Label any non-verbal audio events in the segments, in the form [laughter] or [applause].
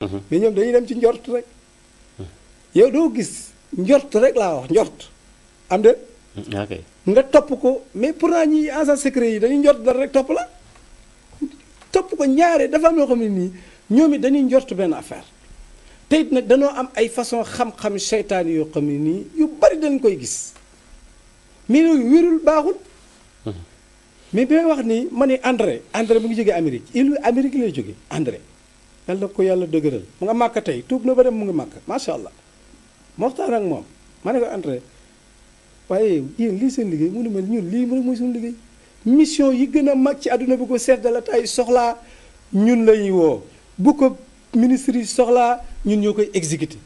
mais ñoom dañuy dem ci njort rek yow doo gis njort rek laa wax njort am de mm, nga topp ko mais pour pourtant ñi agent secret yi dañuy njort dara rek topp la topp ko ñaaree dafa am yoo xam ne nii ñoom it dañuy njort benn affaire te nag dañoo am ay façon xam-xam seytaan yoo xam ne nii yu bari dañ koy gis mais yooyu wérul baaxul mm-hmm. mais bi may wax nii man ne André André mu ngi jógee Amérique ilu Amérique lay jóge André yàlla na ko yàlla dëgëral mu nga màkk tey tuub na ba dem mu ngi màkk macha allah ma waxtaan moom ma ne ko André waaye yéen lii seen liggéey mu ne ma ñun lii mooy suñu liggéey mission yi gën a mag ci àdduna bi ko chef de l'État yi soxlaa ñun woo bu ko ministre yi soxlaa ñun koy exécuté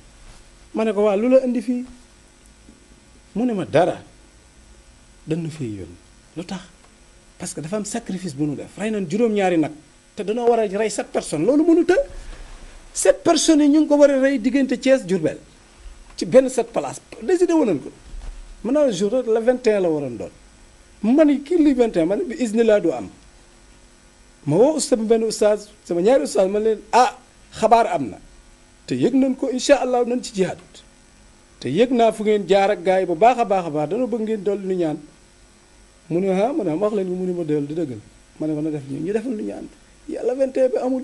ma ne ko waa lu indi fii mu ne ma dara dañ na fay yónni lu tax parce que dafa am sacrifice bu nu def rey nañ juróom-ñaari nag. te danoo war a rey sept personnes loolu mënut a sept personnes yi ñu ngi ko war a rey diggante Thiès Diourbel ci benn sept place décidé woon ko mën naa jour la 21 la waroon doon man kii li 21 man bi isni laa du am ma woo ustaz benn ustaz sama ñaari ustaz ma leen ah xabaar am na te yëg nañ ko incha allah nañ ci jihaad te yëg naa fu ngeen jaar ak gars yi bu baax a baax a baax dana bëgg ngeen dolli nu ñaan mu ne ah ma ne wax leen mu ne ma dellu di dëggal ma ne ko na def ñu ñu defal lu ñaan. yàlla 21 bi amul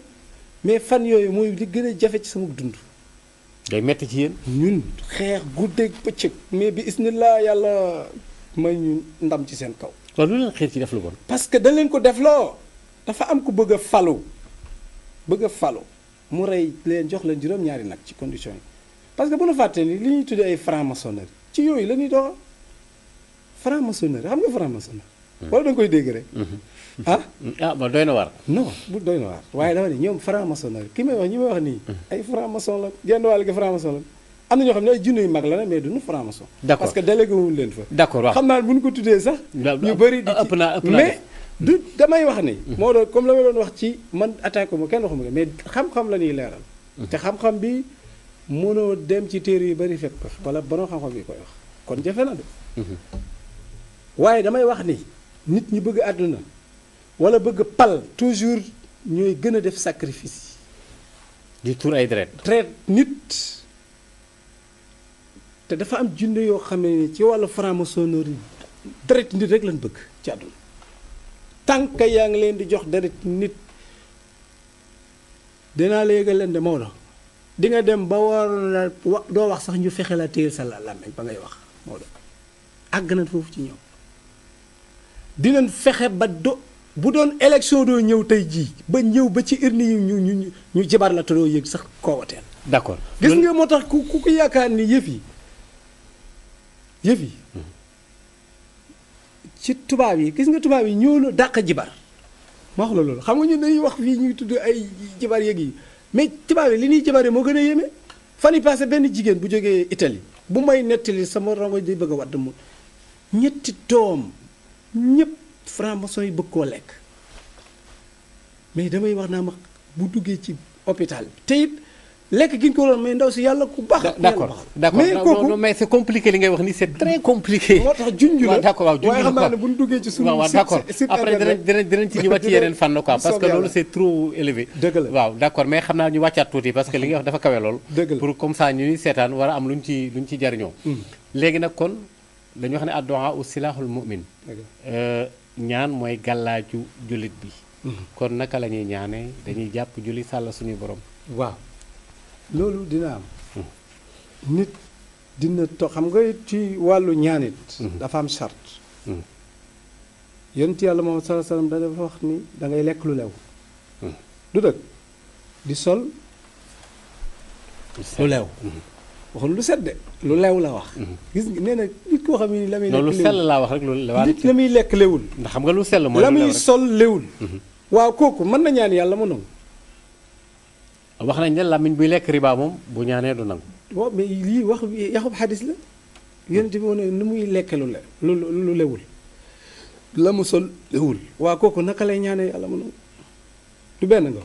mais fan yooyu mooy li gën a jafe ci sama dund. day métti ci yéen. ñun xeex guddeeg bëccëg mais bi isnillah yàlla may ñu ndam ci seen kaw. kon lu leen xeex ci def lu bon. parce que dañ leen ko def loo dafa am ku bëgg a falu bëgg a falu mu rey leen jox leen juróom-ñaari nag ci condition yi parce que bu nu fàttee ni li ñuy tuddee ay franc-maçonnerie ci yooyu lañuy ñuy dox franc-maçonnerie xam nga franc-maçonnerie wala da nga koy dégg rek. Mm-hmm. ah mm-hmm. ah doy na waar. non bu doy na waar waaye dama ne ñoom franc-maçon la ki may wax ñi may wax nii. Mm-hmm. ay franc-maçon la genn wàll gi franc-maçon la. am na ñoo ne ay junne yu mag la ne mais duñu franc-maçon. d'accord ko tuddee sax. ñu bëri di ci mais du damay wax ni. moo doon comme la ma doon wax ci man attaque ma kenn waxuma ko mais xam-xam la ñuy leeral. te xam-xam bi mënoo dem ci téere yi bëri fekk ko wala banoo xam-xam yi koy wax kon jafe na de. waaye damay wax ni. nit ñi bëgg àdduna wala bëgg pal toujours ñooy gën a def sacrifice yi. di tuur ay deret. deret nit. te dafa am junne yoo xam ne ci wàllu franc-maçonnerie deret nit rek lañ bëgg ci àdduna tànk yaa ngi leen di jox deret nit dinaa la yëgal leen de Maodo di dinga dem ba waroon la doo wax sax ñu fexe la téyel sa làmmiñ ba ngay wax Maodo àgg na foofu ci ñoom. di leen fexe ba do bu doon élection doo ñëw tey jii ba ñëw ba ci urne yi ñu ñu ñu jabar la te doo yëg sax koo wateel. d'accord gis nga moo tax ku ku yaakaar ni yëf yi yëf yi hmm. ci tubaab yi gis nga tubaab yi ñoo dàq jibar ma wax la loolu xam nga ñun dañuy wax fii ñuy tudd ay jibar yeeg yi mais tubaab yi li ñuy jibaree moo gën a yeme fan yi passé benn jigéen bu jógee Italie bu may nettali sama rongo di bëgg a wadd mu ñetti doom ñëpp franc-maçon yi bëgg koo lekk mais damay wax naa ma bu duggee ci hôpital bi te it lekk gi ñu ko doon mais kooku mais li ngay wax ni c'est très compliqué. moo tax junj la waaw [laughs] d'accord waaw junj la xam waaw d'accord mais xam naa ñu wàccaat tuuti parce que li ngay wax dafa kawe lool. dëgg la pour comme ça ñuy seetaan war a am luñ ci luñ ci jariñoo. Hmm. léegi nag kon dañu wax ne addu'a u silaaxul mu'min euh, ñaan mooy gàllaaju jullit bi mhm. kon naka lañuy ñaane dañuy jàpp julli sàll suñuy borom waaw loolu dina am hmm. nit dina to xam nga ci wàllu ñaanit hmm. dafa am charte ci hmm. yàlla moom sallallahu alayhi wasallam wax ni da lekk lu lew du dëkk di sol lu lew waxul lu set de lu lew la wax. Mhm. gis nga nee na nit koo xam ne la muy. lekk lu laa wax rek lu la nit la muy lekk lewul. ndax xam nga lu sell mooy la muy sol lewul. Mhm. waaw kooku mën na ñaan yàlla mu nangu. nañ ne làmmiñ buy lekk riba moom bu ñaanee du nangu. waaw mais wax yaxub xadis la yonent muy lekk lu le lu lu lewul. la mu sol lewul. waaw kooku naka lay ñaanee yàlla mu nangu du benn nga.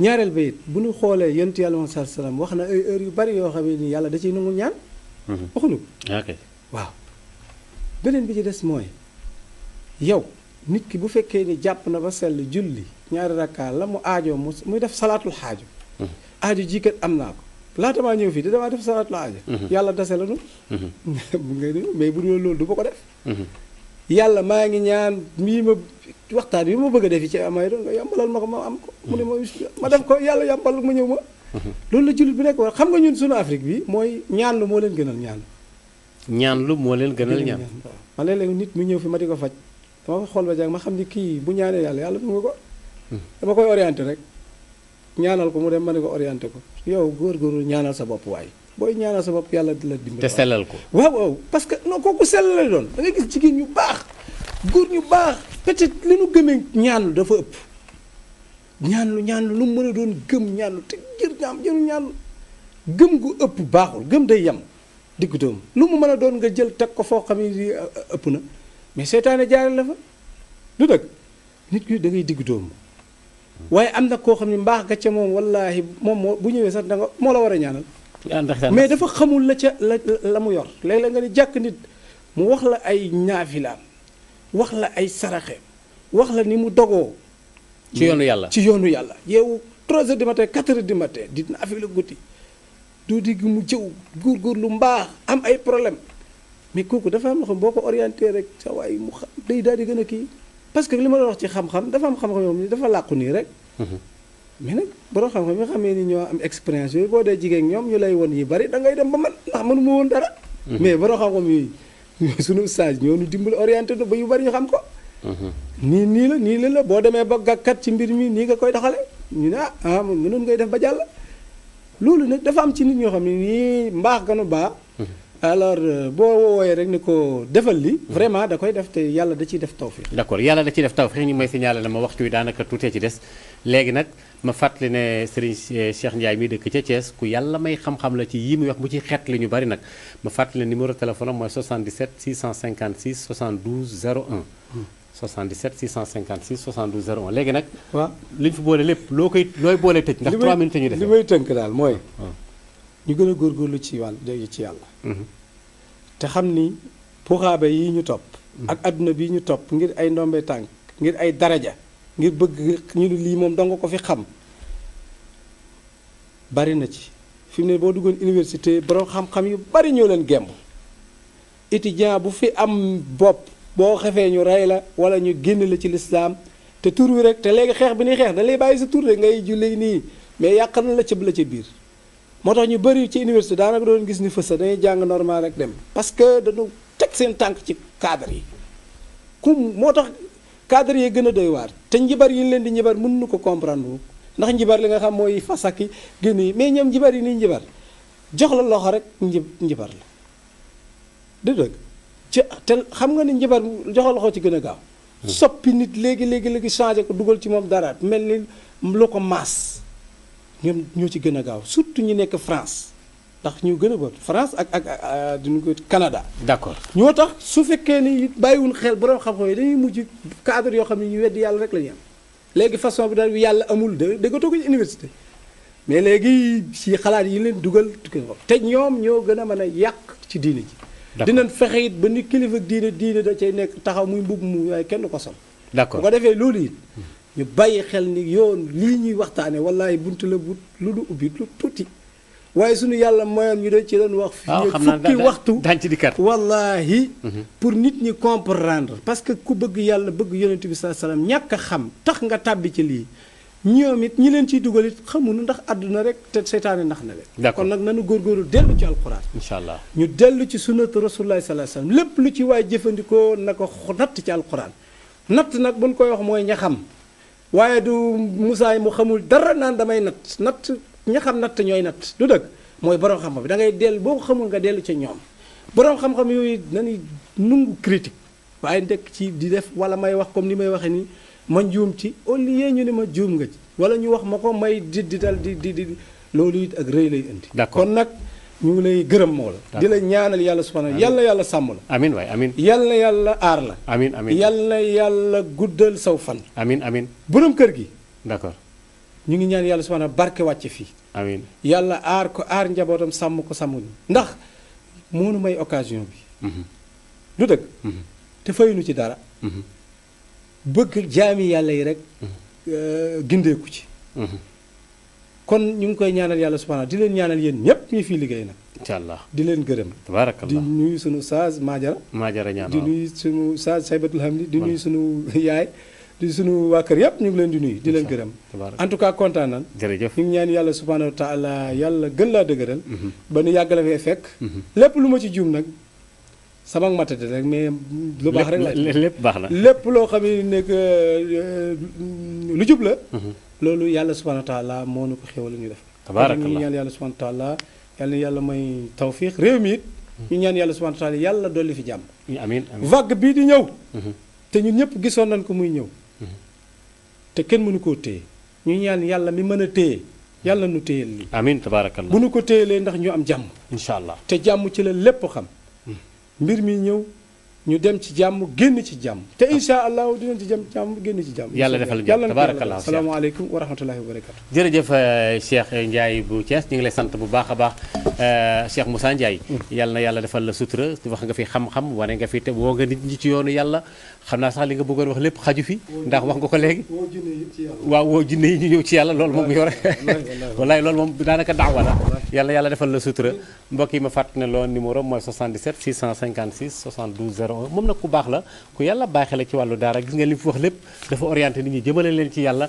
ñaareel ba it bu nu xoolee yonent yàlla moom salaam wax na ay heure yu bari yoo xam ne nii yàlla da ciy nangu ñaan. Mhm. waxuñu ko. ok waaw. beneen bi ci des mooy yow nit ki bu fekkee ni jàpp na ba sell julli ñaari rakkaa la mu aajoo mu muy def salaatul xaajo. Mhm. aajo jii kat am naa ko laa maa ñëw fii de damaa def salaatul xaajo. Mhm. yàlla dase la nu. [laughs] mu ngay mais bu dul loolu du ma ko def. yàlla maa ngi ñaan mii ma waxtaan bi ma bëgg a def ci amay doon nga yombalal ma ko ma am ko mu ne ma hmm. ma def ko yàlla yombal ma ñëw ma hmm. loolu la jullit bi nekk war xam nga ñun suñu Afrique bi mooy ñaan lu moo leen gënal ñaan ñaan lu moo leen gënal ñaan ma léeg-léeg nit mu ñëw fi ma di ko faj dama ko xool ba jàng ma xam ni kii bu ñaanee yàlla yàlla mu ko hmm. dama koy orienté rek ñaanal ko mu dem ma ne ko orienté ko yow góor-góorlu ñaanal sa bopp waay booy ñaanal sa bopp yàlla di la dimbali. te sellal ko waaw waaw parce que non kooku sell lay doon da ngay gis jigéen ñu baax góor ñu baax peut-être li nu gëmee ñaanlu dafa ëpp ñaanlu ñaanlu lu mën a doon gëm ñaanlu te jër ñaam gëm gu ëpp baaxul gëm day yem diggu doom lu mu mën a doon nga jël teg ko foo xam ne euh, euh, ëpp na mais seetaane jaare la fa lu dëgg nit ki dangay ngay diggu doom waaye am na koo xam ne mbaax ga ca moom wallaahi moom moo bu ñëwee sax da moo la war a ñaanal mais dafa xamul la ca la la mu yor léeg-léeg nga ne jàkk nit mu wax la ay ñaafilaam wax la ay saraxeem wax la ni mu dogoo. ci yoonu yàlla ci yoonu yàlla yow 3 heures du matin 4 heures du matin di naafila guddi du di mu jëw góor lu mbaax am ay problème mais kooku dafa am loo xam boo ko orienté rek sa waay mu xam day daal di gën a kii parce que li ma la wax ci xam-xam dafa am xam-xam yow dafa làqu nii rek. Mm-hmm. mais nag borom xam-xam yi nga xamee ni ñoo am expérience yooyu boo dee jigéen ñoom ñu lay woon yi bari dangay dem ba man ndax mënu ma woon dara. Mhm. mais borom xam-xam [laughs] sunu stage ñoo ñu dimbali orienté na ba yu bari ñu xam ko. Mhm. nii nii la nii la la boo demee ba gàkkat ci mbir mi nii nga koy doxale ñu ne ah ah ngay def ba jàll. loolu nag dafa am ci nit ñoo xam ne nii mbaax ganu baa. Mhm. alors euh, boo woowee rek ni ko defal li vraiment da koy def te yàlla da ciy def tawfiq. d'accord yàlla da ciy def taw tawfiq ni may signaler na ma waxtu wi daanaka tuutee ci des léegi nag. ma fàttali ne Serigne eh, Cheikh Ndiaye mi dëkk ca Thiès ku yàlla may xam-xam la ci yii mu wax mu ci xeet li ñu bari nag ma fàttali ne numéro téléphone am mooy 77 656 72 01. 77 656 72 01 léegi nag. waaw fi boole lépp loo koy looy boole tëj. ndax 3 minutes ñu def li may tënk daal mooy. Ah, ah. ñu gën a góorgóorlu ci wàll ci yàlla. Mm-hmm. te xam ni puxaabe yi ñu topp. Mm-hmm. ak adduna bi ñu topp ngir ay ndombe tànk ngir ay daraja. ngir bëgg ñu lii moom danga ko fi xam bari na ci fi mu ne boo duggoon université borom xam-xam yu bari ñoo leen gemb étudiant bu fi am bopp boo xefee ñu rey la wala ñu génn la ci lislaam te tur wi rek te léegi xeex bi nuy xeex da lay bàyyi sa tur rek ngay julli nii mais yàq na la cëb la ci biir moo tax ñu bëri ci université daanaka doon gis ni fës dañuy jàng normal rek dem parce que dañu teg seen tànk ci cadre yi ku moo tax cadre yee gën a doy waar te njibar yi leen di njibar nu ko comprendre ndax njibar li nga xam mooy fasaki génn yi mais ñoom njibar yi ni njibar jox la loxo rek njib njibar la da dëgg ci te xam nga ni njibar jox la ci gën a gaaw hmm. soppi nit léegi léegi léegi changé ko dugal ci moom dara mel ni lu ko maas ñoom ñoo ci gën a gaaw surtout ñu nekk France ndax ñu gën a bëri France ak ak euh, duñu ko Canada. d'accord ñoo tax su fekkee ni bàyyiwul xel borom xam-xam yi dañuy mujj cadre yoo xam ne ñu weddi yàlla rek la ñu am léegi façon bi daal yàlla amul de dëggatoo ko ci mais léegi si xalaat yi leen dugal te ñoom ñoo gën a mën a yàq ci diine ji. dinañ fexe it ba ni kilifa diine diine da cay nekk taxaw muy mbubb mu waaye kenn du ko sol. d'accord bu ko defee loolu ñu bàyyi xel ni yoon lii ñuy waxtaanee wallaay buntu la bu lu du ubbi lu waaye suñu yàlla mayoon ñu doon ci doon wax. waaw ah, xam fukki waxtu daañu ci dikkaat wallaahi. Mhm. pour nit ñi comprendre. parce que ku bëgg yàlla bëgg yonent bi saa salaam ñàkk a xam tax nga tàbbi ci lii ñoom it ñi leen ciy dugal it xamuñu ndax àdduna rek te seytaane ndax na leen. kon nag nanu góorgóorlu dellu ci alquran. incha allah ñu dellu ci sunnatu rasulullah sallallahu alayhi wasallam lépp lu ci waay jëfandikoo na ko natt ci alquran natt nag buñ koy wax mooy ña xam waaye du Moussa yi mu xamul dara naan damay natt natt ña xam natt ñooy natt du dëgg mooy boroom xam-xam bi da ngay dellu boo ko xamul nga dellu ca ñoom boroom xam-xam yooyu nañu nungu critique waaye ndekk ci di def wala may wax comme ni may waxee ni ma njuum ci au lieu ñu ne ma juum nga ci wala ñu wax ma ko may di di dal di di di loolu it ak rëy lay indi. d'accord nag ñu ngi lay gërëm moo la. di la ñaanal yàlla su subhanahu yàlla yàlla sàmm la. amiin waay amiin yàlla yàlla aar la. amiin amiin yàlla yàlla guddal saw fan. amiin amiin borom kër gi d'accord. ñu ngi ñaan yàlla subhaana barke wàcce fii amiin yàlla aar ko aar njabootam sàmm ko sàmm ndax moonu may occasion bi lu mhm. dëgg mhm. te fayuñu ci dara mhm. bëgg jaami yàlla yi rek euh, gindeeku ci kon ñu ngi koy ñaanal yàlla subhaana di leen ñaanal yéen ñépp ñu fii liggéey nag incha di leen gërëm tabaarakallah di nuyu sunu saaz maajara maajara ñaan di nuyu sunu saaz saybatul hamdi di nuyu sunu [laughs] yaay suñu waa kër yëpp ñu ngi leen di nuy di leen gërëm en tout cas kontaan nan jërëjëf ñu ngi ñaan yàlla subhanahu wa taala yàlla gën laa dëgëral mhm. ba nu yàgg la fekk mhm. lépp lu ma ci juum nag sama matati rek mais lu baax rek la lépp baax na lépp loo xam ne nekk euh, lu jub la mhm. loolu yàlla subhanahu wa taala moo nu ko xéwal ñu def tabaarakallah ñu ñaan yàlla subhanahu wa taala yàlla na yàlla may tawfiq réew mi ñu ñaan yàlla subhanahu wa taala yàlla dolli fi jàmm amiin amiin vague bii di ñëw te ñu ñëpp gisoon nañ ko muy ñëw te kenn mënu koo téye ñu ñaan yàlla mi mën a téye yàlla nu téyel lii amiin tabaarakallah bu nu ko téyelee ndax ñu am jàmm incha allah te jàmm ci la lépp xam hmm. mbir mi ñëw ñu dem ci jàmm génn ci jàmm te ah. incha allahu dinañ ci jàmm jàmm génn ci jàmm yàlla defal jàmm tabaarakallah salaamaaleykum wa rahmatullahi wa barakatu jërëjëf euh, Cheikh Ndiaye bu Thiès ñu ngi lay sant bu baax a baax euh, Cheikh Moussa Ndiaye hmm. yàlla na yàlla defal la sutura wax nga fi xam-xam wane nga fi te woo nga nit ñi ci yoonu yàlla xam naa sax li nga bëggoon wax lépp xaju fi ndax wax nga ko léegi waaw woo jinne yi ñu ñëw ci yàlla loolu moom yor wallaay loolu moom daanaka nag ku baax la ku yàlla baaxee ci wàllu daara gis nga li fi wax lépp dafa orienté nit ñi jëmale leen ci yàlla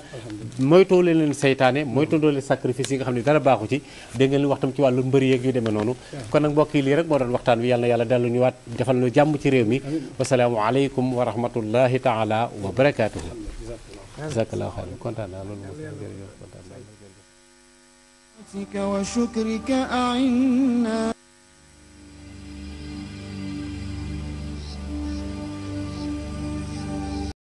moytoo leen leen saytaane leen sacrifice yi nga xam ne dara baaxu ci dégg ngeen wax tam ci wàllu mbëri yeeg yu demee noonu kon nag mbokk lii rek moo doon waxtaan wi yàlla yàlla dellu lu jàmm wa rahmatulah rahmatullahi taala wa barakaatuhu jazakallahu xayran kontaan naa loolu moom jërëjëf kontaan naa